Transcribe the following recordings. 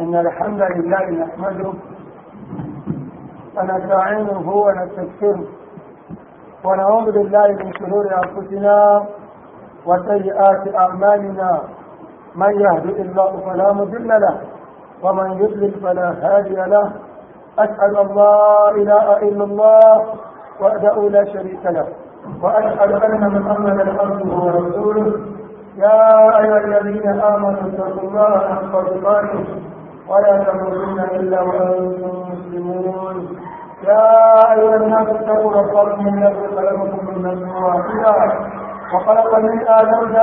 إن الحمد لله نحمده ونستعينه ونستغفره ونعوذ بالله من شرور أنفسنا وسيئات أعمالنا من يهدئ الله فلا مضل له ومن يضلل فلا هادي له أشهد أن لا إله إلا الله وأدعو لا شريك له وأشهد أن محمدا عبده ورسوله يا أيها الذين آمنوا اتقوا الله حق تقاته ولا تموتن إلا وأنتم مسلمون يا أيها الناس اتقوا ربكم الذي خلقكم من نفس واحدة وخلق من آدم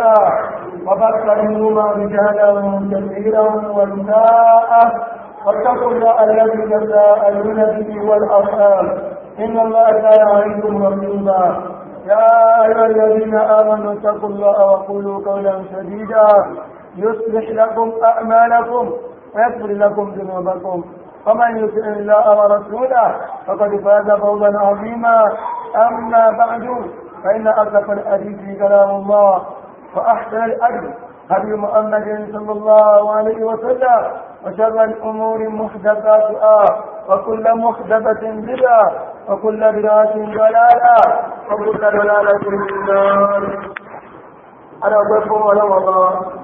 وبث منهما رجالا كثيرا ونساء واتقوا الله الذي تساءلون به والأرحام إن الله كان عليكم رقيبا يا أيها الذين آمنوا اتقوا الله وقولوا قولا سديدا يصلح لكم أعمالكم ويغفر لكم ذنوبكم ومن يطع الله ورسوله فقد فاز فوزا عظيما اما بعد فان اصدق الحديث كلام الله واحسن الاجر هدي محمد صلى الله عليه وسلم وشر الامور محدثاتها وكل محدثه بدعه وكل بدعه ضلاله وكل ضلاله في النار انا اقول لكم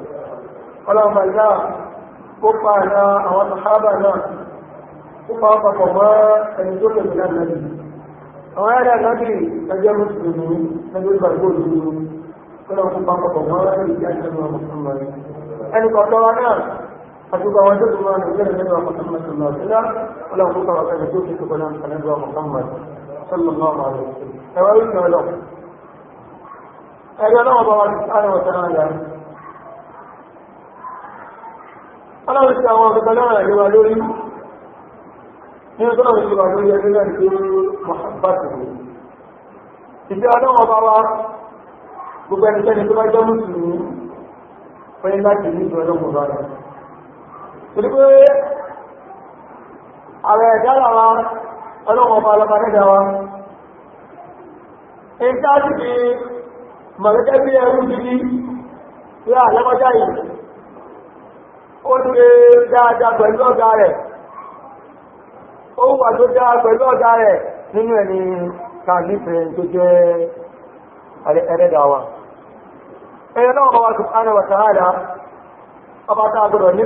ọlọ́ọ̀bà náà ó pa àná àwọn sàhábà náà ó pa ọpapọ̀ mọ́ ẹni tó lè gbìyànjú náà àwọn ẹ̀rẹ́ àgbàgbé ẹgbẹ́ mùsùlùmí lẹ́gbẹ́ ìgbàgbọ́ òdúró kọ́lọ́ fún papọ̀ mọ́ الله عليه وسلم ولو كفر كان محمد صلى الله عليه وسلم سواء ولا أي نوع الله ọlọ́run sí àwọn ọ̀sẹ̀ tọ́lọ́run àjọwà lórí nínú tọ́lọ́run sí wà lórí ẹgbẹ́ náà ní mọ̀sàbátì ní ìfẹ́ ọlọ́run ọba wa gbogbo ẹnikẹ́ni tó bá jẹ́ mùsùlùmí fẹ́ láti ní ìjọ ọlọ́run bá rẹ̀ torí pé ààrẹ ẹ̀dá làwa ọlọ́run ọba ọlọ́ba nígbà wa èyí tá a sì fi mọ̀lẹ́kẹ́ bí ẹrú gidi ó ṣe dáadáa pẹ̀lú ọ̀gá rẹ̀ ó wà tó dáa pẹ̀lú ọ̀gá rẹ̀ nínú ẹni kànífẹ̀ tó jẹ́ ẹlẹ́dàwà ẹ̀yẹ náà ọba subhanahu wa ta'ala ọba tá ọlọ́run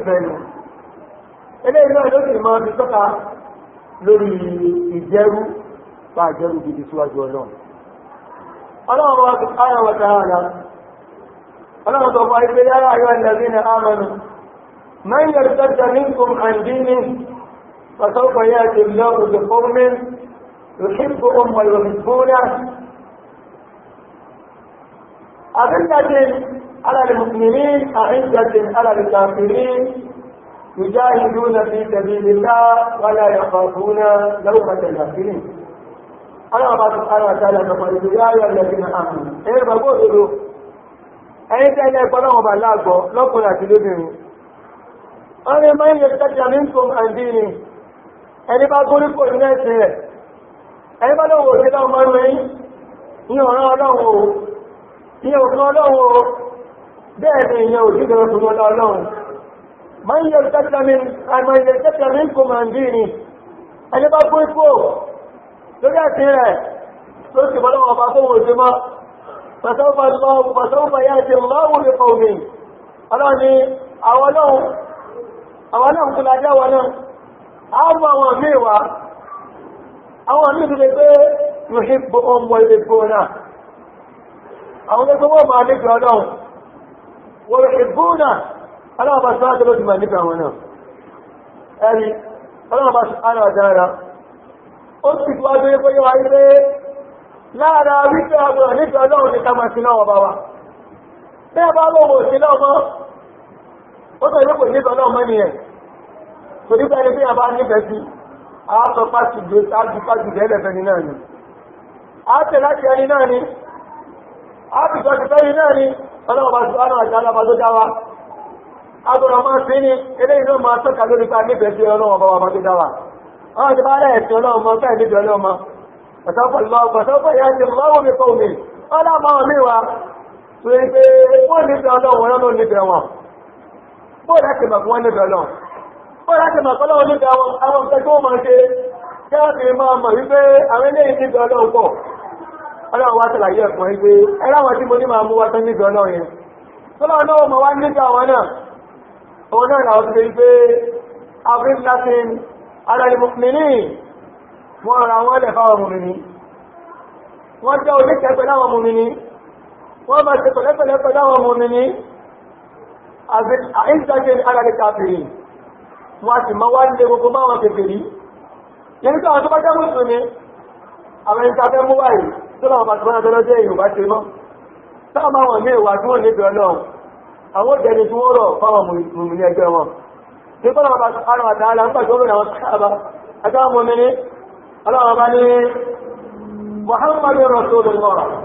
من يرتد منكم عن دينه فسوف ياتي الله بقوم يحبهم ويحبونه أذلة على المؤمنين أعزة على الكافرين يجاهدون في سبيل الله ولا يخافون لومة الكافرين أنا بعد سبحانه وتعالى نقول يا أيها الذين آمنوا إيه بقول أنت إلى قرآن الله لكم أتلوبهم wọ́n ní máa ń yẹ tẹ́tẹ́ àmì ń tún àǹdí ni ẹni bá gún nípò ní ẹ̀sìn rẹ̀ ẹni bá lọ́wọ́ òṣèlú lọ́wọ́ máa ń rẹ̀yìn ní ọ̀rán ọlọ́wọ́ ní òfin ọlọ́wọ́ bẹ́ẹ̀ ni ìyẹn òṣìṣẹ́ òṣìṣẹ́ ọlọ́wọ́ máa ń yẹ tẹ́tẹ́ àmì ń tún àǹdí ni àwọn náà ń wa náà a ó àwọn míì wá àwọn míì tó lè pé yòóhì ọmọ ilé bó àwọn ẹgbẹ́ wọn máa nífẹ̀ẹ́ ọlọ́run wọ́n yòóhì bó náà aláwọ̀ tó ló ti máa nífẹ̀ẹ́ àwọn náà ẹni aláwọ̀ bá dára ó wa ó sọ ìlépò ìlépò náà mọ́ nìyẹn nígbà ní fíyàn bá nífẹ̀ẹ́ sí a sọ sáájú pàtì naanị. ni náà ni a láti ẹni náà ni a fi náà ni ọlọ́run bá sọ ọ́nà àti alábà tó dá wa a gbọ́dọ̀ máa sí ni náà máa tọ́ka lórí pa nífẹ̀ẹ́ sí ọlọ́run bá wa bóòlá ti mọ̀ wọ́n níbẹ̀ lọ bóòlá ti mọ̀ kọ́lọ́ oníbẹ̀ àwọn nǹkan tó mọ̀ ṣe káàkiri máa mọ̀ wípé àwọn ilé ìdíbẹ̀ ọlọ́run pọ̀ ọlọ́run wá tàlàyé ẹ̀kùn wípé ẹláwọn tí mo ní máa mú wá tán níbẹ̀ ọlọ́run yẹn tọ́lọ́ náà mọ̀ wá níbẹ̀ àwọn náà òun náà làwọn ti wípé abin latin alalimukumini wọ́n ra wọ́n lẹ̀ fáwọn mùmìnì wọ́n jẹ́ oníkẹ́ pẹ̀lú àwọn mùmìnì wọ́n máa ṣe pẹ̀lẹ́pẹ̀lẹ́ pẹ̀lú àwọn mùmìnì àìsàkè alàlẹ́ káfìrí wọ́n sì máa wá ní gbogbo máwọn kèfèrí yẹni tó àwọn tó bá jẹ́ mùsùlùmí àwọn ìsàfẹ́ mú wáyé tó láwọn bàtí wọ́n tọ́lọ́ jẹ́ ìrùbá ṣe mọ́ táwọn a wọ̀n ní ìwà tí wọ́n níbi ọlọ́run àwọn òjẹni tí wọ́n rọ̀ Rasulullah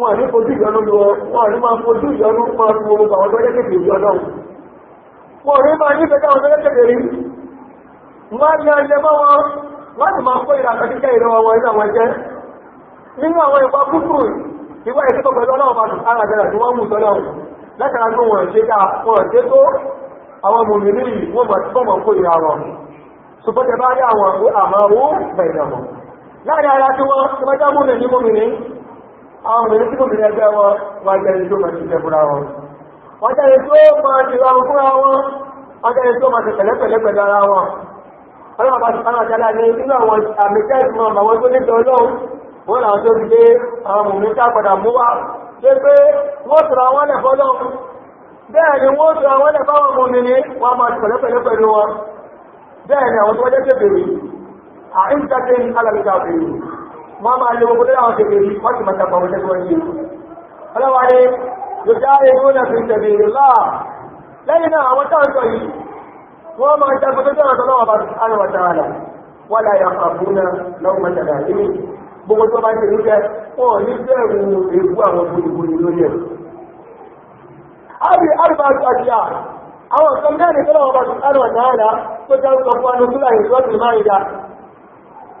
wọn ní fojú ìyọnu lọ wọn ní máa fojú ìyọnu máa fi wọn àwọn tó jẹ́kẹ̀kẹ̀ ìlú ọlọ́run ní máa nífẹ̀ẹ́ káwọn tó jẹ́kẹ̀kẹ̀ rí wọn ní ajẹ mọ́ wọn láti máa kó ìlànà kíkẹ́ ìrọwọ́ wọn nínú àwọn jẹ́ nínú àwọn ìpa kúkú ìwà bá wọ́n àwọn ènìyàn tí kò fi ẹgbẹ́ wọn a jẹ́ máa ṣiṣẹ́ fúnra wọn wọ́n jẹ́ máa ṣe ọrùn fúnra wọn wọ́n jẹ́ máa ṣe pẹ̀lẹ́pẹ̀lẹ́ pẹ̀lú wọn ọlọ́run bá ti fara jálá ní nínú àwọn àmì tẹ́sí mọ́ àwọn tó níjọ ọlọ́run wọ́n máa lo gbogbo láwọn tèlè rí wọ́n sì máa tapà wọ́n tẹ́kọ̀ọ́ yìí ọlọ́wà ni yóò ẹgbẹ́ náà fi tẹ̀lé lọ́ lẹ́yìn náà àwọn táwọn sọ yìí wọ́n máa jagun tó jẹ́ ọ̀tọ̀ lọ́wọ́ bá sùpánù wà tààlà wọ́n láyé àfàbúnà lọ́wọ́ mẹ́tàlá ní gbogbo tó bá ṣe níjẹ́ wọn ní bẹ̀rù ewu àwọn gbogbogbò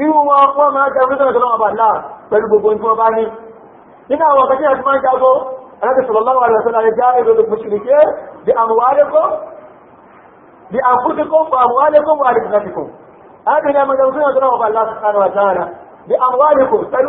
irú wọn wọ́n máa ń jagun nítorí ọ̀sán ọba náà pẹ̀lú gbogbo tí wọ́n bá ní nínú àwọn ọ̀kan tí a ti máa ń jago aláti sọ̀rọ̀láwà rẹ̀ sọ́lá rẹ̀ já èrò lè mùsùlùmí pé di àmúwálẹ́kọ́ di àǹfúdíkọ́ fún àmúwálẹ́kọ́ wà ní ìgbàsíkò aláti ní àmọ́ jagun nítorí ọba náà sọ̀rọ̀ wà dára di àmúwálẹ́kọ́ pẹ̀lú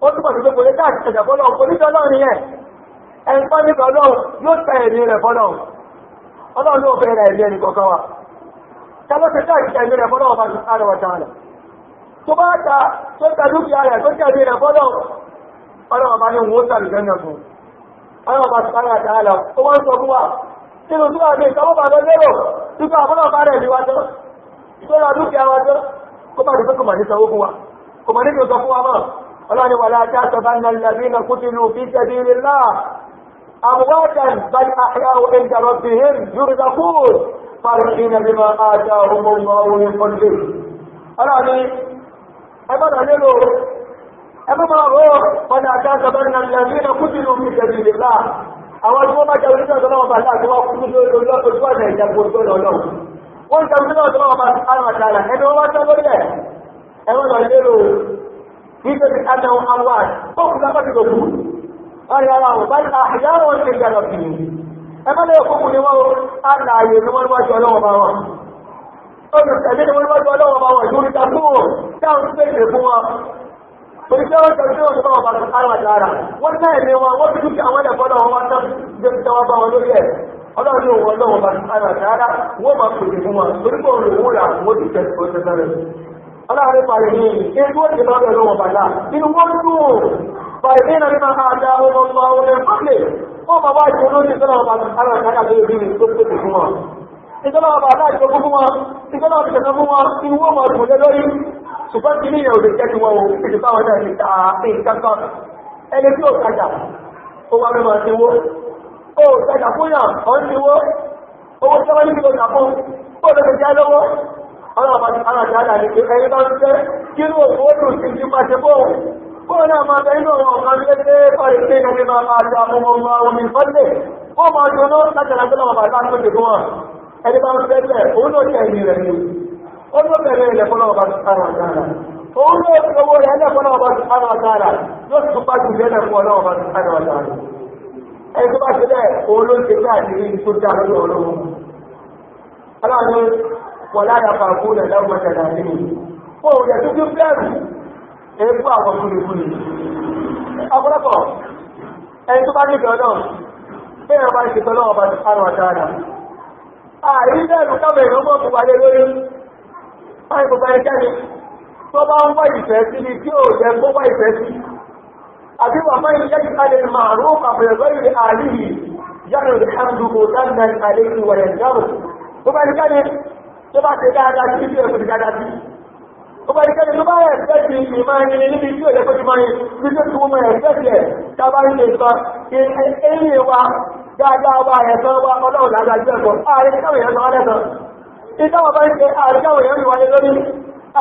ó túnmọ̀ sí pé kò lè dáàtì tẹ̀jẹ̀ fọ́lọ́ onítọ́lọ́ ni ẹ̀ ẹ̀ńtọ́ nípa ọlọ́run yóò tẹ ẹ̀mí rẹ̀ fọ́lọ́ ọlọ́run ló fẹ́ ra ẹ̀mí ẹni kọ̀ọ̀kan wa tẹ́lọ́ ti dáàtì ẹ̀mí rẹ̀ fọ́lọ́ ọba sùkárẹ̀ wọ̀ta rẹ̀ tó bá ta tó ta dúkìá rẹ̀ tó tẹ̀mí rẹ̀ fọ́lọ́ ọlọ́run ọba ní wọ́n tàbí gẹ́gẹ́ fún ọlọ́run ọba sùkárẹ̀ wọ̀ta rẹ̀ ó wọ́n sọ fún wa nínú tí wọ́n fi ìtọ́wọ́ bá lọ lérò dúkìá ọlọ́run ọba rẹ̀ níwájọ́ ìtọ́lọ́ dúkìá wájọ́ kó bá dùn pé kò mà ní sanwó fún wa kò mà ní kí o sọ fún wa ọlọ́ni wà láti àtọ́bá ní alẹ́bí na kú ti lù fi ṣẹ̀bí rílá àmúwátàn bal àyàwó ẹ̀dàrọ̀ fi hìn yúrí zakúr fàrùkì na bímọ àti ọmọ ọmọ ìfọ́nlé ọlọ́ni ẹgbọ́dọ̀ nílò ẹgbọ́dọ̀ rọ ọ̀nà àti àtọ́bá ní alẹ́bí na kú ti lù fi ṣẹ̀bí rílá àwọn tí wọ́n bá jẹ́ orílẹ̀ ọ̀dọ́ náà bá láti wá kú lórí ojú ọ̀nà ìjàgbó ojú ọ̀nà ọlọ́run wọ́n ń jẹ́ orílẹ̀ ọ̀dọ́ náà bá sáré àtàlà ẹni wọ́n bá sáré lórí ẹ̀ ẹ̀rọ lọ lérò nítorí adáwọn àwọn àtọ́kù lábàtí gbogbo ọ̀rẹ́ ara wọn bá àyàrá wọn ṣe gbàdọ̀ sí ni ẹgbẹ́lẹ́ òkúkú ni wọ́n aláàyè ni wọ́n wájú ọlọ́wọ́ bá wọn olùsẹ̀mí ni wọ́n wájú ọlọ́wọ́ bá wọn lórí tàbúrò táwọn pèsè fún wọn torí pé wọ́n tẹ̀lé òṣèlú ọba tó ara wà dára wọ́n náà ní ọlọ́run pàrẹ ní ẹgbẹ́ òjì lọ́dọ̀ lọ́wọ́ bàdá inú wọ́n dùn pàrẹ ní ẹ̀nà nípa àdá ọmọ ọmọ ọmọ fúnlẹ̀ ó bàbá ìṣòro ní ìṣẹ́lẹ̀ ọmọ aláàkáyà lórí bí i tó pèsè fún wọn ìṣẹ́lẹ̀ ọmọ àdá ìṣòro fún wọn ìṣẹ́lẹ̀ ọmọ ìṣẹ́lẹ̀ fún wọn inú wọ́n mọ̀ ọdún lórí ṣùgbọ́n kí ní ìyẹn òde jẹ́ ti wọn òun ti bá wọn náà ní ta nǹkan ẹni tí ó tajà ó wá mẹ́mọ̀ ti wó ó tajà fún yàn ọ̀ ń ti wó owó tí wọ́n ní kí ló tà fún ó lọ́dọ̀ jẹ́ lọ́wọ́ aláàtàlà ní pé ẹni bá ń fẹ́ kí ló owó dùn sí ti pàṣẹ bóun bóun náà máa bẹ̀rẹ̀ náà wọn kan lé pé fàrí pé ẹni máa máa ta ọmọ ọmọ omi fọ́lẹ̀ ó máa jọ náà látàlá tó lọ́wọ́ bàbá tó dé fún wọn ẹni bá ń fẹ́ bẹ́ẹ̀ òun ló tẹ̀ ẹ̀yìn rẹ̀ ni ó ló bẹ̀rẹ̀ ilẹ̀ fọ́lọ́wọ́ bá ti sára dára òun ló fi owó bá ti sára dára yóò tún bá ti bẹ́ẹ̀ fún ọlọ́wọ́ bá ti dára ẹni tó wọ̀lá dàpọ̀ àkúrò lẹ́wọ̀n mọ́tẹ̀lá lẹ́yìn ó yẹ tó kí bẹ́ẹ̀rù èébú àwọn kúlìkúlì ọ̀pọ̀lọpọ̀ ẹni tó bá ní ìgbẹ̀ náà bẹ́ẹ̀ bá ṣe tọ́lọ́ ọba ti fara ọ̀dá rà ààrí bẹ́ẹ̀rù kábẹ̀ ìlú mọ́ fún wáyé lórí báyìí gbogbo ẹnikẹ́ni tó bá ń wá ó yẹ kó wá ìfẹ́ tó bá ṣe dáadáa sí ibi ẹ̀kọ́ ti dáadáa sí. ó bá ìkẹ́ni tó bá ẹ̀fẹ́ ti ìmọ̀ ẹni níbi tí òye kọ́jú máa ń bí tó ti wọ́n ẹ̀fẹ́ tiẹ̀ tábà ń lè sọ ẹ̀yìn wa dáadáa wa ẹ̀sọ́ wa ọlọ́run dáadáa jẹ́ ẹ̀kọ́ ààrẹ káwọn èèyàn sọ wá lẹ́sọ̀ ìtawọ̀ bá ń ṣe ààrẹ káwọn èèyàn mi wáyé lórí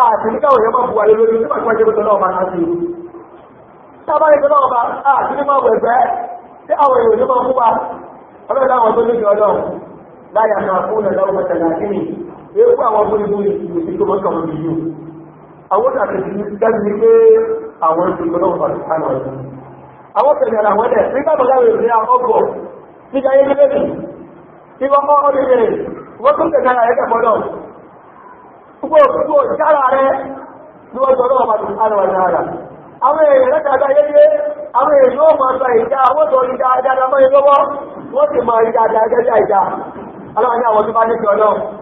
àti ní káwọn èèyàn máa bu wáyé lórí nígbà tí wọ́n ṣe pẹ̀lú àwọn tó ní ìjọ ọlọ́run láyà máa fún ọlọ́run mọ̀tàlá sí pé ó àwọn abúlébúlé ìgbèsí tó mọ́ kàwọn ìlú àwọn àtẹ̀sí dájú ní pé àwọn ìṣòro náà wà lánàá ọdún àwọn tẹ̀lé ara wọn dẹ̀ nígbà tó láwọn ìrìn ọkọ̀ nígbà yé ní lẹ́nu ya wọ́n kọ́ ọdún rẹ̀ wọ́n tún tẹ̀lé ara rẹ̀ kẹ̀kọ́ náà gbogbo gbogbo ìjára rẹ̀ ni wọ́n sọ àwọn àwọn àwọn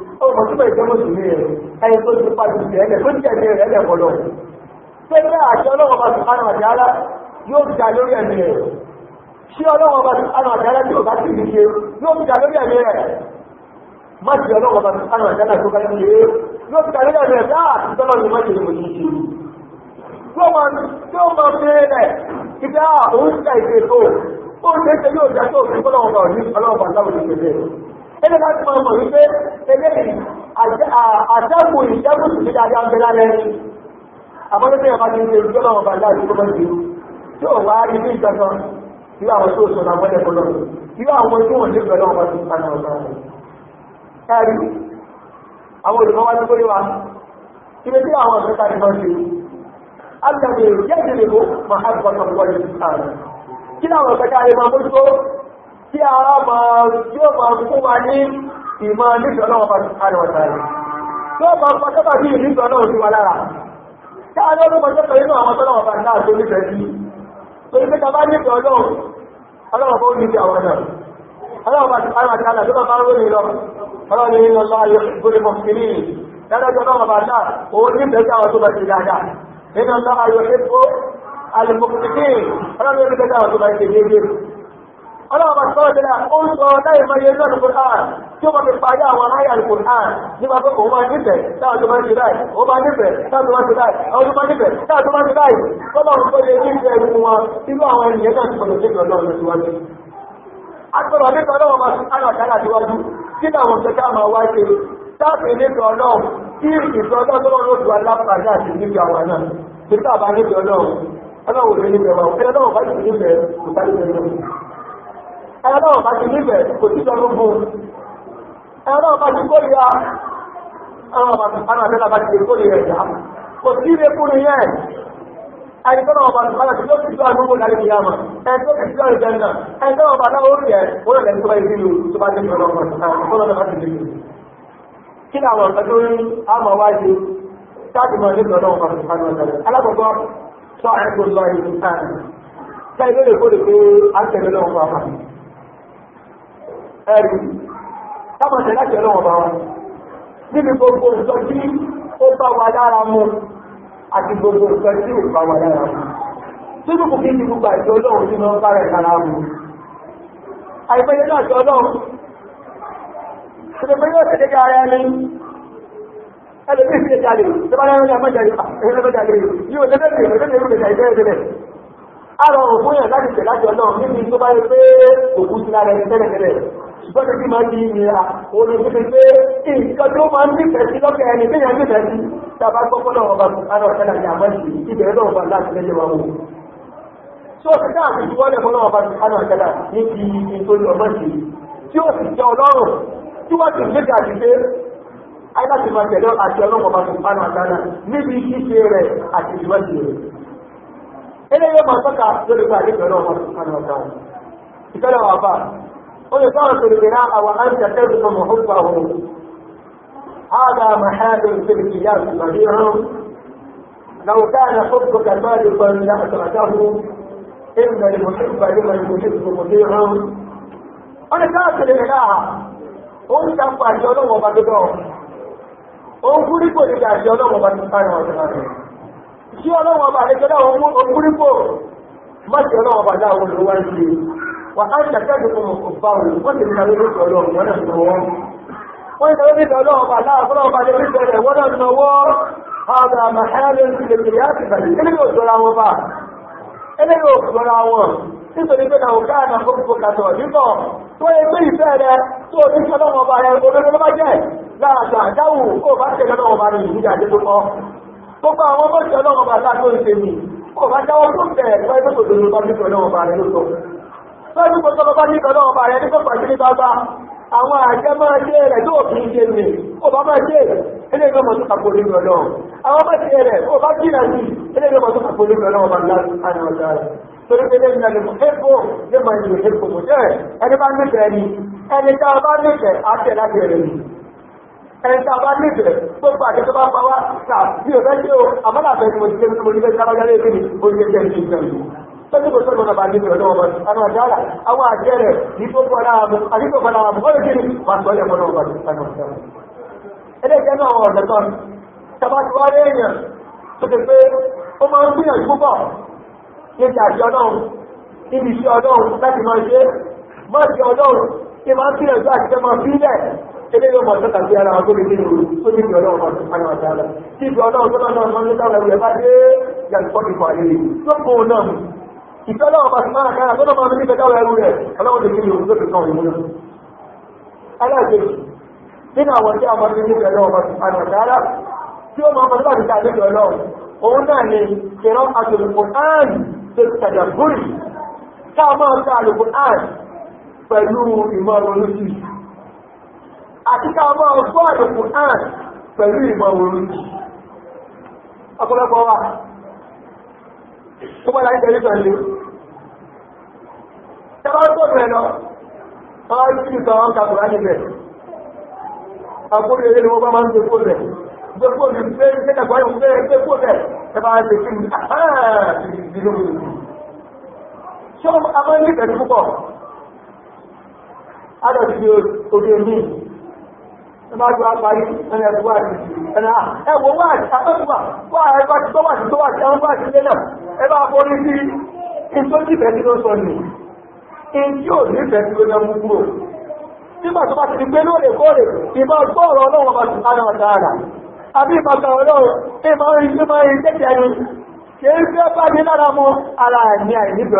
ọmọ tó bẹ̀rẹ̀ jẹ́mọ̀ sùn ní ẹni tó ti pa jùlọ ẹ̀lẹ̀ tó ti ẹ̀mí rẹ̀ ẹ̀lẹ̀ kọlọ̀ ṣé pé àṣẹ ọlọ́wọ́ bá ti kánú àti ara yóò jà lórí ẹ̀mí rẹ̀ ṣé ọlọ́wọ́ bá ti kánú àti tí ò bá sì ní ṣe yóò jà lórí ẹ̀mí rẹ̀ má ti ọlọ́wọ́ bá ti kánú àti tó bá ṣe yóò jà lórí ẹ̀mí rẹ̀ bá ah, àti tọ́lọ́ ni má ṣe ni mo ti ṣe yóò máa rẹ̀ ibi àwọn ah, òun ṣe ìṣètò ó ṣe é yóò jà tó ẹgbẹ́ láti máa mọ̀ wípé eléyìí àṣẹ́kù ìṣẹ́kù sì fi dáadáa bẹ lálẹ́ àbọ́lẹ́sẹ̀ ọba ti ń ṣe ìjọba ọba ìlà àti gómìnà ìlú tí ó wá rí ní ìjọba irú àwọn tó sọ náà wọlé kọlọ irú àwọn tí wọn lè gbẹlẹ ọba tó ń pa náà ọba ẹrí àwọn olùkọ́ wá lórí wa ibi tí àwọn ọ̀sẹ̀ta ti máa ń ṣe alẹ́ mi jẹ́ ìdílé kó máa ń bọ́ sọ̀rọ̀ wọlé sí àná kí láwọn ọ̀sẹ̀ta yẹn máa mójútó tí ara máa yóò máa fún wa ní ìmọ̀ nígbà náà bá sáré wọ̀tàrí tí ó máa pàṣẹ bá bí nígbà náà sí wa lára tí a lọ́rọ̀ pàṣẹ pẹ̀lú inú àwọn tọ́lọ́wọ̀ bá náà tó nífẹ̀ẹ́ sí torí pé tàbá nígbà ọlọ́run ọlọ́run bó níbi àwọn náà ọlọ́run bá sáré wọ̀tàrí tó bá rọ́ ní lọ ọlọ́run ní lọ láàyè gbóni mọ̀kìrì lọ́dọ̀ ọlọ́run bá náà ó nífẹ̀ẹ́ sí àwọn tó bá ti dáadáa nínú láàyè ó alùpùpù ọlọ́ọ̀bà tí wọ́n tẹ́lẹ̀ ó ń sọ láì mọ iye lọ́nà Qur'an tí ó máa fi parí àwọn aráyà Qur'an nípa pé òun máa nífẹ̀ẹ́ táà tó máa ń ṣe báyìí ó máa nífẹ̀ẹ́ táà tó máa ń ṣe báyìí àwọn tó máa nífẹ̀ẹ́ táà tó máa ń ṣe báyìí kọ́lọ̀ ń tọ́lẹ̀ ní ìfẹ́ ẹnu wọn irú àwọn ènìyàn náà ti pọ̀lọ̀ sí ìrọ̀lọ́ ọ̀nà síwájú. agbọ̀rọ̀ nípa ọlọ́wọ́ máa sùn ánà kálà síwájú kí làwọn kẹta máa wá ṣe táàbì nípa ọlọ́run kí ìfẹ́ ọlọ́run lọ́wọ́ ló ju alápàdé àti nípa àwọn náà torí táàbà nípa ọlọ́run ọlọ́run ò ní nípa ẹ̀wọ̀n ọlọ́run bá ti nípa ẹ̀ ẹ̀rọ ọ̀bá ti nífẹ̀ẹ́ kò sí ọlọ́gbọ́n ẹ̀rọ ọ̀bá ti kórìíra ẹ̀rọ ọ̀bá ti bá nàbẹ́lá bá ti kórìíra ẹ̀dá kò sí ilé fún nìyẹn ẹ̀dọ́nà ọba nìbára tí ó ti jọ àgbógbò lárí ní yàmà ẹ̀dọ́ ti jọ ìjẹ́nà ẹ̀dọ́ ọba náà ó rẹ̀ wọ́n rẹ̀ tó bá ìdí ìlú tó bá jẹ́ ìjọba ọ̀pọ̀lọpọ̀ lọ́nà láti lè kí làwọn nǹkan tó ń àmà wáyé táàbì mọ̀ ní ìjọba ọba nìbára alákọ̀ọ́kọ́ sọ àìkú lọ ìlú táàbì ẹ̀rì sábàtẹ̀ láti ọlọ́wọ̀n bá wọn níbi gbogbo ìsọ tí ó bá lára mu àti gbogbo ìsọ tí ó bá lára mu tó dùkù kí gbogbo àti ọlọ́run tí wọ́n bára mu àrọ̀ ah, láti ọlọ́run tó bá pé òkú sí lára ẹni tẹ́lẹ̀ tẹ́lẹ̀ bọ́dẹ̀ bí máa di ìnira olùsífi pé nǹkan tó máa ń nífẹ̀ẹ́ sí lọ́kẹ̀ ẹni tí yẹn nífẹ̀ẹ́ sí tàbá gbọ́gbọ́ náà ọba ara ọ̀tẹ́lá ní àmọ́ sí ìbẹ̀rẹ̀ náà wà láti lẹ́jẹ̀ wa wò. tí ó ti dá àti ìwọ́ lẹ́kọ́ náà ọba ara ọ̀tẹ́lá ní ti nítorí ọmọ sí tí ó sì jẹ́ ọlọ́run tí wọ́n sì gbé gàdí pé aláti máa tẹ̀lé àti ọlọ́run ọba ara ọ̀tẹ́lá níbi ṣíṣe rẹ̀ àti ìwọ́sí lórí pé àlejò ọlọ́run ọba ara ọ̀tẹ́lá wà bá وإثارة الغناء وأنت ترسم حبه هذا محال في الكتاب صحيح لو كان حبك صادقا لأسرته إن المحب لمن يحب مطيع أنا كاتب الغناء òun ta pa àṣẹ ọlọ́wọ́ ọba tó dán òun kúrípò níbi àṣẹ ọlọ́wọ́ ọba tó fáyà ọ̀sẹ̀ náà rẹ̀ sí ọlọ́wọ́ ọba àlejò náà òun kúrípò má sí ọlọ́wọ́ ọba dáa òun ló wá ń ṣe wàhálà tẹ́lẹ̀ kò mọ̀ ọ̀bá òun wọ́n ti sọ wípé ọlọ́run wọ́n náà sọ wọ́n. wọ́n ti sọ wípé ọlọ́run bá láà fọ́lọ́ bá lè wípé rẹ̀ wọ́n gbogbo tó pé tó lọ́dún kò tọ́lọ bá nígbà náà bàrẹ̀ ní pẹ̀pẹ̀ sí ní gbagba àwọn àjẹ́ máa jẹ́ rẹ̀ tó fi ń jẹ rẹ̀ ó bá máa jẹ́ ilé ìgbẹ́ mọ̀ tó kàpò nínú ọ̀nà àwọn bá jẹ́ rẹ̀ ó bá jìnà sí ilé ìgbẹ́ mọ̀ tó kàpò nínú ọ̀nà ọba láàrín ọ̀dà torí pé lẹ́yìn ẹni mọ̀ ẹ́kọ́ lè máa yìí ẹ́kọ́ mọ̀ jẹ́ ẹni bá nífẹ̀ẹ́ ni ẹni tá a bá nífẹ̀ẹ́ á tẹ̀ láti rẹ̀ ni ẹni tá a bá nífẹ̀ẹ́ gbogbo àti tó bá pa wá tà bí ò fẹ́ ṣe o àmọ́ làbẹ́ ni mo ti ṣe mo ti fẹ́ sábàjá lé tọ́júbọ̀ tó lọ́nà bá nílò ọlọ́wọ́ bá àwọn àjálà àwọn àjẹ́rẹ̀ ní tó bọ́lá àmú àdíkò bọ́lá àmú ọ̀rẹ́ kí ni wà tọ́lẹ̀ mọ́nà ọba ní sánà ọ̀sẹ̀rẹ̀ ẹlẹ́jẹ́ náà wọ̀ ọ̀dẹ̀ kan tàbátí wá lẹ́yìn tó ti pé ó máa ń gbìyànjú púpọ̀ níbi àjọ náà níbi iṣẹ́ ọlọ́run láti máa ṣe máa ṣe ọlọ́run ní máa ń gbìyànjú àti fẹ́ máa fílẹ̀ eléyìí ó mọ̀ sọ́kà sí ara wọn tó lè ìfẹ́ lọ́wọ́ pàṣẹ máa kára tó lọ́wọ́ níbi ìgbẹ́dáwọ̀ ẹrú rẹ̀ ọlọ́wọ́ ti fi ìrùn lókè náà ìmúlò aláàjẹ́jì nínú àwọn tí a máa ní níbi ẹ̀lọ́wọ́ pàṣẹ àtàrà tí ó máa mọ̀ láti ta àlejò ọlọ́run òun náà ni kìrọ́ àtòlùkù án tó tàjà búrì tá a máa ta àlùkù án pẹ̀lú ìmọ̀ olóṣù àti ká a máa fọ́ àlùkù án pẹ̀lú ìmọ̀ olóṣù ọ̀pọ̀lọpọ̀ wa tó bá láti tẹ̀lé pẹ̀lú tẹ́bá tó bẹ̀ lọ máa ń kí ìtàn ọ̀nkà kùrá níbẹ̀ àkórí eré bá máa ń gbé kó rẹ̀ gbé kó rẹ̀ gbé tẹ́tẹ̀ kó rẹ̀ gbé a ní ìtẹ̀lé púpọ̀ wà àti ah, àpẹ́bùwà wà ẹgbàjú tó wà sí tó wà sí ẹgbàjú ẹbá borí sí ìtòjìfẹ́ tí ló sọ ní ìjí ò nífẹ́ tí ló yẹmú kúrò nígbà tó bá ti gbé lóòrèkóòrè ìbá gbọ́ọ̀rọ̀ ọlọ́run bá ti ara àbí ìbàkà ọlọ́run ìmọ̀ ìjọba ìjẹ́jẹ́ ẹni kìí fẹ́ bá ní lára mọ́ ara ní àìníbẹ̀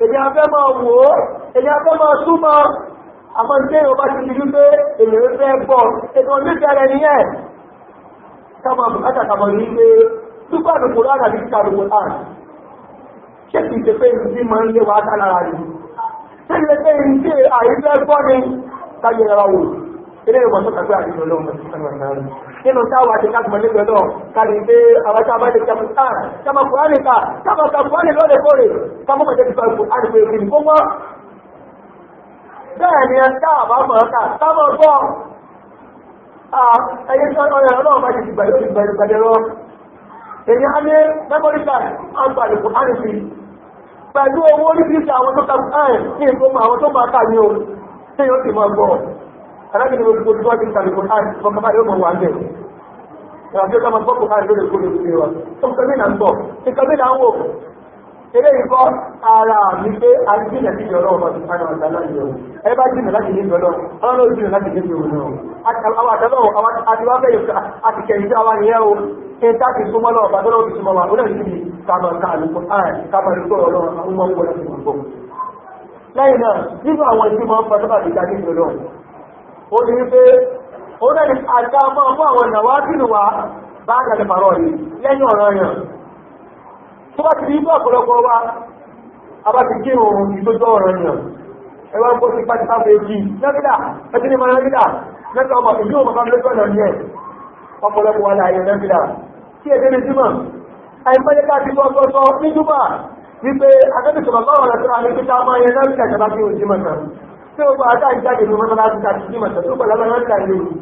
èyí afẹ́ máa wò ó èyí afẹ́ máa súnmọ́ àmọ́ ní èyí ọba ti di wípé èyí ó fẹ́ gbọ́ èyí ọdún tẹ́rẹ nìyẹn sábà bùkátà sábà ní pé dúpọ̀ àdùkù lára ní kíkà àdùkù lára ṣé kìí ṣe pé ìdí máa ń lé wa ká lára rẹ̀ ṣé ilé pé ìdí àìfẹ́ gbọ́ ni ká yẹra wò ilé ìwọ̀n tó kàgbé àdìsọ nínú táwà ti káàkiri nígbẹ̀ náà kárí pé àwọn táwà lè jẹun tán kama kùránì ká kama ka kùránì lọ́lẹ̀ kórè kama kọjá ti sọ kùránì pé kí ni ó mọ́ bẹ́ẹ̀ ni táàbà mọ̀ ká tábọ̀ bọ́ ẹyẹ tí ọ̀rọ̀ náà bá ti gbàdẹ̀rọ èyí á ní mẹ́mọ́rí káàkiri àgbà lè kùránì fi pẹ̀lú owó orí fi ṣe àwọn tó ka kùránì ní ìgbóhùn àwọn o tí yóò sì máa gbọ́ aláàbí ni gbogbo tí wọ́n ti ń tàbí kò táàrí ọkọ̀ bá yóò mọ̀ wà bẹ́ẹ̀. ìrànṣẹ́ ọmọ gbọ́ kò táàrí lórí ìkúlù ìṣe wa tó ń kẹ́mí là ń bọ̀ ní kẹ́mí là ń wò eré ìfọ́ ara mi pé a ti jìnà sí ìjọba ọmọ tuntun àwọn àtàlà ìjọ ẹ bá jìnà láti ní ìjọba ọmọ náà jìnà láti ní ìjọba náà àwọn àtàlà àti wa ó náà níbi kàmà kàmà kàmà ìkọ̀rọ̀ náà àwọn ọmọ wọn láti mọ̀ náà ó ní wípé ó lẹ́ni àjá máa mú àwọn ìyàwó sínú wa bá àjàdé pàrọ̀ yìí lẹ́yìn ọ̀rọ̀ yàn tó bá ti rí bọ́ ọ̀pọ̀lọpọ̀ wa a bá ti kí òun ìtójọ́ ọ̀rọ̀ yàn ẹwà ń bó ti pàtí sáfẹ́ èjì lẹ́gbẹ̀dà ẹtí ní máa lẹ́gbẹ̀dà lẹ́gbẹ̀dà ọmọ ìlú ọmọ bá lẹ́gbẹ̀dà ọ̀nà yẹn ọ̀pọ̀lọpọ̀ wa láàyè lẹ́gbẹ̀dà kí ẹgbẹ́ mi símọ̀ àìpẹ́lẹ́ká ti bọ́ sọ́sọ́ ní júbà wípé akẹ́bìsọ̀rọ̀ lọ́rọ̀ lẹ́gbẹ̀dà ní pé tí ó bá ajá ìjáde ní mọ́tọ́lá ti tàbí ní mọ̀tọ́ tó pẹ̀lú alára ńlá ilé òní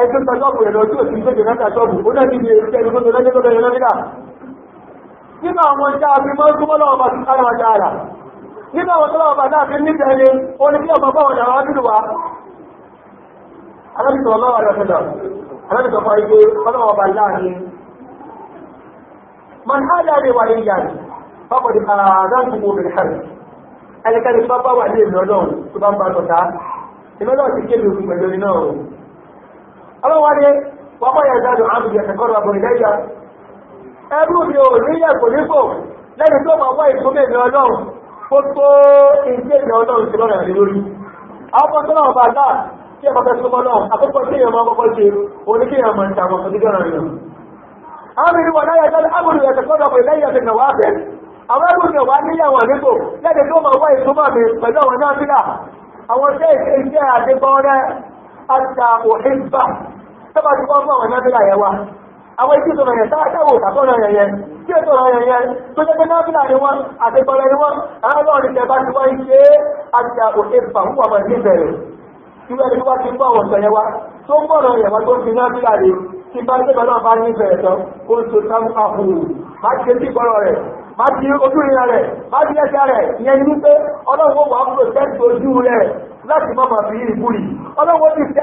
ẹgbẹ́ ta ṣọ́ọ̀bù ẹ̀lọ tí ò sí gbèjì náà ṣọ́ọ̀bù ó náà níbi èrè ẹni mọ́tọ́ lọ́jọ́ lọ́jọ́ lọ́jọ́ nínú àwọn ìjà àfi mọ́ súnmọ́ lọ́wọ́ bá sùn kára ọjà àrà nínú àwọn tọ́lọ́wọ́ bá náà fi ní tẹ̀lé ó ní kí ọmọ bá wọn àwọn àdúrà wa alábìsọ̀ ọlọ́wọ́ àrẹ ọ̀sẹ̀dọ̀ alábìsọ̀ fọ ike ọlọ́wọ́ bá láàrin man hálà rẹ̀ wà ní ìyàrí fọ́kọ̀dì àdáǹkùnkùn rẹ̀ ẹnikẹ́ni tó wà ní èmi ọlọ́run tó bá ń bá tọ̀tá ti kéde òfin pẹ̀lú orin náà ọlọ́wọ́ ni wọ́n mọ̀ yẹn dáadọ̀ àmì ìyẹ̀sẹ̀kọ́ lọ àbọ̀rẹ̀ lẹ́yà ẹrú mi ò ní yẹ kò ní fò lẹ́yìn tó máa wá ìfún èmi ọlọ́run kó tó ìdí èmi ọlọ́run ti lọ́rẹ̀ lórí àwọn ọmọ tó náà bá dá kí ẹ̀kọ́ fẹ́ súnmọ́ náà àkókò tí èèyàn máa kọ́kọ́ ṣe òní kí èèyàn máa ń ta àwọn ẹlùmí ọ̀wá níyàwó àdébò lẹ́dẹ̀ tó máa wá ìtumọ̀ mi pẹ̀lú àwọn náfíà àwọn tẹ́ ìṣẹ́ àdébọ́rẹ́ àtà òhìbà tó bá ti wọ́n fún àwọn náfíà yẹn wa àwọn ìṣẹ́ ìṣòro yẹn táàtàwò tàbọ̀nà yẹn yẹn tí ètò ọ̀rọ̀ yẹn yẹn tó jẹ́ pé náfíà ni wọ́n àdébọ́rẹ́ ni wọ́n àwọn ọlọ́run tẹ̀ bá ti wọ́n ṣe àtà òhìbà fún àwọn ìṣẹ́bẹ̀rẹ̀ ìwé ẹni wá ti ń bọ̀ àwọn ìṣẹ̀yẹ wa tó ń bọ̀rọ̀ yẹn wa tó ń fi náfíà rè tí bá ń tẹ́gbẹ̀ẹ́ náà bá ní ìbẹ̀rẹ̀ tán kó ń so sáfù àhùn má ti ṣe sí ìbọ̀rọ̀ rẹ̀ má fi ojú ìran rẹ̀ má fi ẹsẹ̀ rẹ̀ ìyẹn ni wípé ọlọ́run wà protect ojú rẹ̀ láti má máa fi ìbú yìí ọlọ́run ti tẹ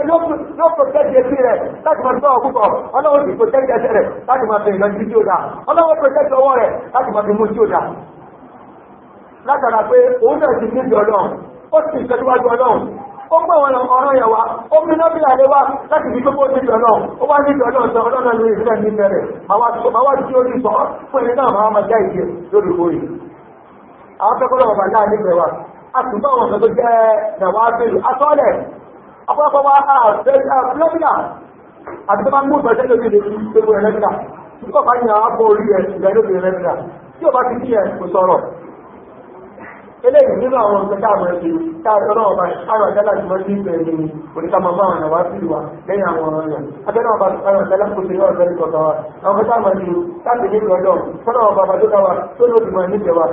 ló protect etí rẹ̀ láti máa fi bá ọkùnkọ̀ ọlọ́run ti protect ẹsẹ̀ rẹ̀ láti máa fi ìrànjú tí ó dá ọlọ́run protect ọwọ́ rẹ̀ láti máa fi mú tí ó dá látara pé òun náà ti ní ìdí ọlọ́run ó sì tẹ̀síwájú ọlọ́run ó gbọ́ wọn ọ̀rọ̀ yẹn wá ó mi náà bílà lé láti fi tó bó jọ náà ó wá ní ìjọ náà sọ ọlọ́nà lórí ìfẹ́ bẹ̀rẹ̀ tí ó ní sọ fún ẹni náà máa máa já lórí àwọn bàbá wa a sì bá wọn tó jẹ́ nàwa bèrè asọ́lẹ̀ ọ̀pọ̀lọpọ̀ wa àti tó mú ìgbà tẹ́lẹ̀ tí kò bá yàn á bọ̀ orí ẹ̀ ìgbà eléyìí nínú àwọn nǹkan tá a máa ṣe tá a sọ náà bá àwọn àjálà tí wọ́n ti ń bẹ̀rẹ̀ ní oníkàmọ́ bá àwọn àwọn àfihàn wa lẹ́yìn àwọn ọ̀rọ̀ yẹn abẹ́ náà bá àwọn àjálà kò ṣe lọ́rọ̀ lẹ́nu kọ̀ọ̀kan wa àwọn nǹkan tá a máa ṣe láti ní ìgbọ́dọ̀ sọ́nà ọba bàdó dáwà tó lóbi máa nífẹ̀ẹ́ wa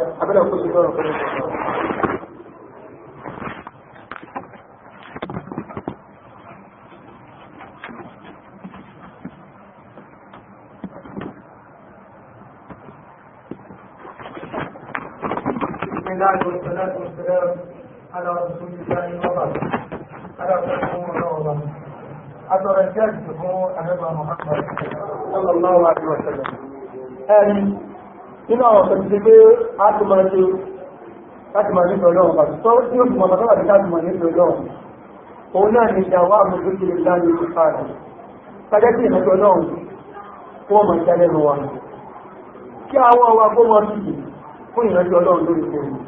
الله والصلاة والسلام على رسول الله وبعد على رسول الله وبعد أدر الكاتب هو أبا محمد صلى الله عليه وسلم أن إن أردت به أتمنى أتمنى لله وبعد صوت يوم ما بقى أتمنى لله هنا نجاوا من ذكر الله سبحانه فجأتني هتقولون هو من كلمه واحد kí àwọn ọwà kó wọ́n sí fún ìrẹ́jọ́ ọlọ́run lórí kòrò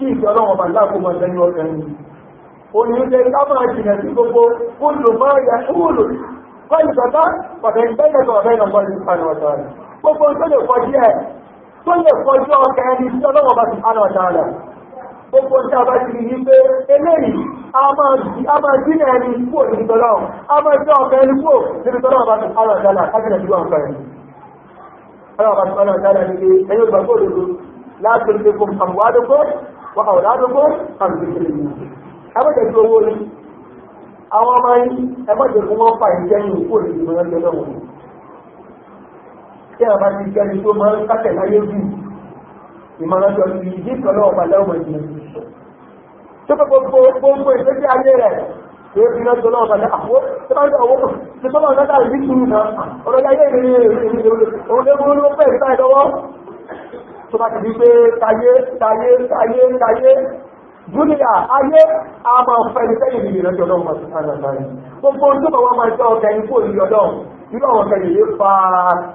kí ìjọlọ́wọ̀n bá láàkó mọ̀ sẹ́ni ọkàn ni òyìnbó ká máa jìnà sí gbogbo kúlù máa yà ṣúlù kọ́ ìjọba pàtàkì ìgbẹ́jẹ̀kọ̀ ọ̀fẹ́ ìrànwọ́ ní ìpanu ọ̀tọ̀ rẹ̀ gbogbo tó lè kọjú ẹ̀ tó lè kọjú ọkàn ẹni tí ọlọ́wọ̀n bá ti panu ọ̀tọ̀ rẹ̀ gbogbo tí a bá ti rí wípé eléyìí a máa jìnà ẹni kúrò níbi tọ́lọ́wọ̀n a máa jẹ́ ọkàn ẹni kúrò níbi tọ́lọ́wọ̀n bá ti panu ọ̀tọ̀ rẹ̀ sí wọn fẹ́rẹ̀ ọlọ́wọ̀n bá ti panu ọ̀tọ̀ wọ́n àwọn ọ̀dọ́gbọ́ àgbègbè ní ẹgbẹ́jẹ̀ tí owó ní àwọn ọmọ yìí ẹgbẹ́jẹ̀ fún wọn fà ìjẹyìn òkú òdì ìgbìmọ̀ ẹgbẹ́ lọ́wọ́ tí a máa ti jẹ́ni tó máa ń kákẹ̀ láyé jù ìmọ̀ràn jọ sí ìdí ìkọlọ́ ọ̀pá lẹ́wọ̀n ìjìnà tó kọ́ gbogbo ìgbésí ayé rẹ̀ tó fi náà jọlọ́ ọ̀pá lẹ́wọ̀n tó bá ń jẹ́ owó tó bá ń jẹ́ tó bá ti di pé tayé tayé tayé tayé dúnìyà ayé a máa fẹ́ ní sẹ́yìn ìrìn lọ́jọ́ ọlọ́run máa sùn sáànà náà gbogbo ojú bá wọn máa jẹ́ ọkẹ ikú òní ọlọ́run irú àwọn ọkẹ yìí fa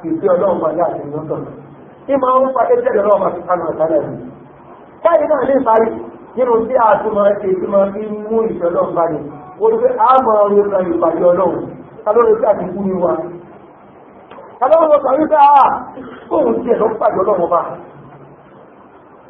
ìfẹ́ ọlọ́run máa yá àti ìrìnàjò ìmọ̀ ń fa ẹjẹ́ ọlọ́run máa sùn sáànà náà báyìí náà ní ìparí nínú tí a tún máa ṣe tí máa fi mú ìfẹ́ ọlọ́run bá ní o ní pé a máa rí ọ̀nà ìpàdé ọlọ́run ta ló retí àti kú ní wa ta ló retí àti kú ní wa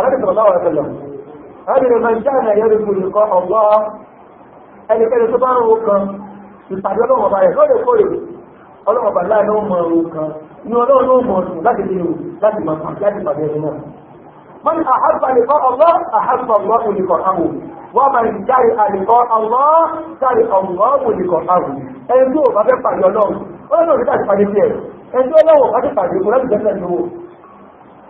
alábi sọ̀rọ̀ láwọn ẹ̀sẹ̀lọ̀ lábìrì máa ń já àná ẹ̀yẹ́ rẹ̀ kúrò nǹkan ọ̀gbọ́ ẹnikẹ́ni tó bá ń ro kan ìpàdé ọlọ́mọba rẹ̀ lóòrèkóòrè ọlọ́mọba láàrin ó mọ ro kan ni ọlọ́run ló mọ̀ ọ̀sùn láti fi rò láti mọ̀ pàdé láti pàdé ẹni náà wọ́n ni àhábà nìkan ọ̀gbọ́ àhábà ọ̀gbọ́ ònìkan àwò wọ́n máa ń járe àlìkọ́ ọ̀gbọ́ járe ọ̀gbọ́ ònìkan àwò ẹni tó bá fẹ́ pàdé ọlọ́run ọlọ́run ò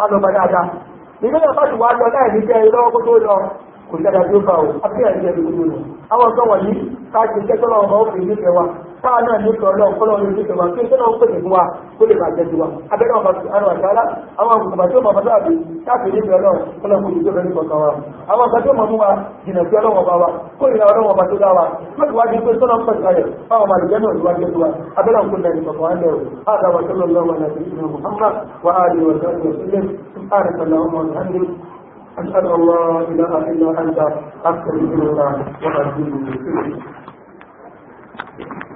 má lọ bá dáadáa nígbà náà bá ti wá lọ láì ní kẹrin lọ́wọ́ kó tó lọ kò bá àbí táwa náà ní sọ̀rọ̀ náà kọ́lọ́ ní ìdíje wa kí n sọ́nà ń pèsè fún wa kó lè bàjẹ́ ju wa abẹ́rẹ́ wọn bá àwọn àṣàlá àwọn àgùntàn tí ó máa bàtà àbí káàkiri ní ìfẹ́ náà kọ́lọ́ kó lè jọba ní kọ̀ọ̀kan wa àwọn àgbà tí ó máa mú wa jìnà sí ọlọ́wọ́ bá wa kó ìlà ọlọ́wọ́ bá tó dá wa lọ́dún wájú pé sọ́nà ń pèsè kalẹ̀ fáwọn ọmọ àlùjẹ́ náà ìwájú wa abẹ́rẹ́ wọn kó lè ní kọ̀ọ̀kan wa ń lẹ̀ o هذا وصلى الله على سيدنا محمد وآله وصحبه وسلم سبحانك اللهم وبحمدك أشهد أن لا إله إلا أنت أستغفرك وأتوب إليك